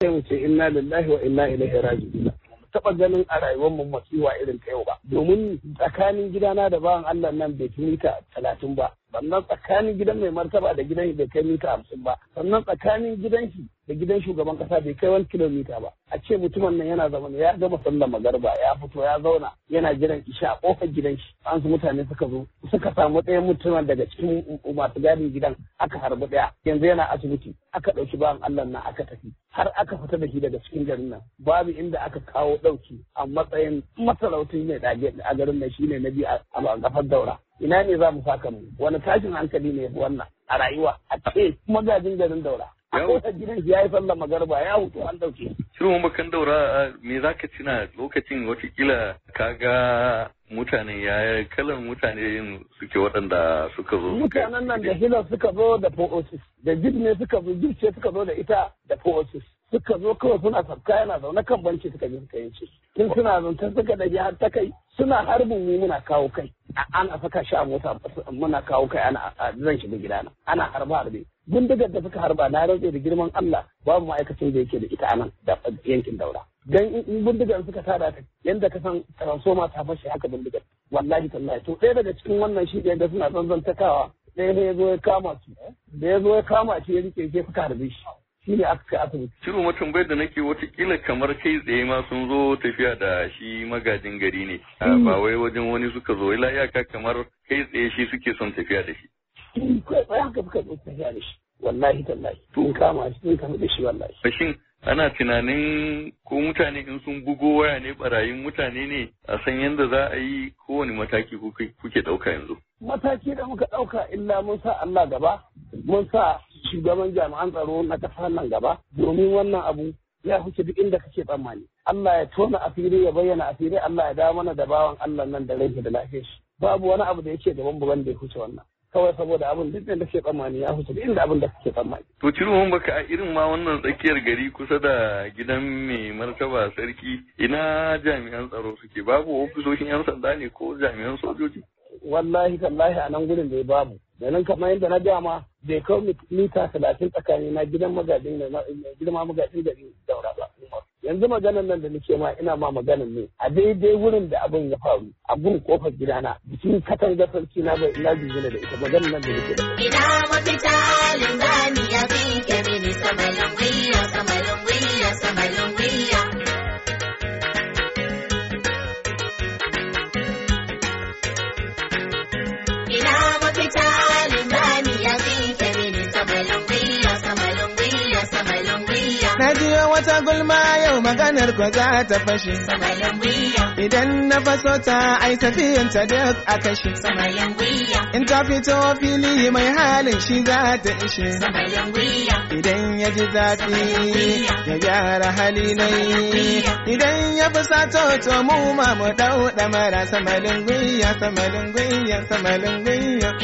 sai mu ce inna lillahi wa inna ilaihi raji'un taba ganin a rayuwar mu masiwa irin ta yau ba domin tsakanin gidana da bawan Allah nan bai fi mita talatin ba sannan tsakanin gidan mai martaba da gidan bai kai mita hamsin ba sannan tsakanin gidan shi da gidan shugaban kasa bai kai wani kilomita ba a ce mutumin nan yana zama ya gama sallar magarba ya fito ya zauna yana jiran isha a kofar gidan shi an su mutane suka zo suka samu ɗayan mutumin daga cikin masu gadin gidan aka harbi ɗaya yanzu yana asibiti aka ɗauki bayan Allah na aka tafi har aka fita da shi daga cikin garin nan babu inda aka kawo ɗauki a matsayin masarautun ne a garin nan shine na biyu a kafar daura ina ne za mu saka mu wani tashin hankali ne wannan a rayuwa a ce magajin garin daura a gidan ya yi sallar magarba ya hutu an dauke shirin bakan daura me za ka tuna lokacin watakila ka ga mutane ya kalan mutane yin suke waɗanda suka zo mutanen nan da hilar suka zo da poosis da jib ne suka zo jib ce suka zo da ita da poosis suka zo kawai suna sabka yana zaune kan banki suka je suka yanci tun suna zunta suka da har ta kai suna harbin mu muna kawo kai ana saka shi a mota muna kawo kai ana zan shiga gidana ana harba harbe bindigar da suka harba na rantse da girman Allah babu ma'aikacin da yake da ita anan da yankin daura dan in bindigar suka tada ta yanda ka san ma ta fashe haka bindigar wallahi tallahi to ɗaya daga cikin wannan shi da suna zanzantakawa ɗaya ne ya zo ya kama su da ya zo ya kama shi ya rike ke suka harbe shi shi ne aka asibiti. Shiru mutum bai da nake watakila kamar kai tsaye ma sun zo tafiya da shi magajin gari ne. Hmm. Ba wai wajen wani suka zo ila iyaka kamar kai tsaye shi suke son tafiya da shi. shi kai tsaye haka suka ta da shi wallahi tallahi tun kama shi tun kama da shi wallahi shin ana tunanin ko mutane in sun bugo waya ne barayin mutane ne a san yadda za a yi kowane mataki kuke ɗauka yanzu mataki da muka ɗauka illa mun sa Allah gaba mun sa shugaban jami'an tsaro na ƙasar nan gaba domin wannan abu ya huce duk inda kake tsammani Allah ya tona asiri ya bayyana asiri Allah ya dawo mana da bawan Allah nan da rai da lafiyar shi babu wani abu da yake gaban buban da ya huce wannan kawai saboda abin duk da ke tsammani ya fusa inda abin da kake tsammani. To ciruwan baka a irin ma wannan tsakiyar gari kusa da gidan mai martaba sarki ina jami'an tsaro suke babu ofisoshin yan sanda ne ko jami'an sojoji? Wallahi tallahi a nan gudun bai babu. Da nan kamar yadda na dama bai kawo mita talatin tsakanin na gidan magajin girma magajin gari daura ba. yanzu maganan nan da nake ma ina ma maganan ne a daidai wurin da abin ya faru a gun kofar gidana bikin katanga sarki na bai ina jingina da ita maganan nan da nake da ina mafita linzani ya fi kemini sama lamwiya wata gulma yau maganar ko za ta fashe. Idan na faso ta ai tafiyan ta duk a kashe. In ta fito fili mai halin shi za ta ishe. Idan ya ji zafi ya gyara hali Idan ya fi sato to mu ma mu dauɗa mara samalin gwiya samalin gwiya samalin gwiya.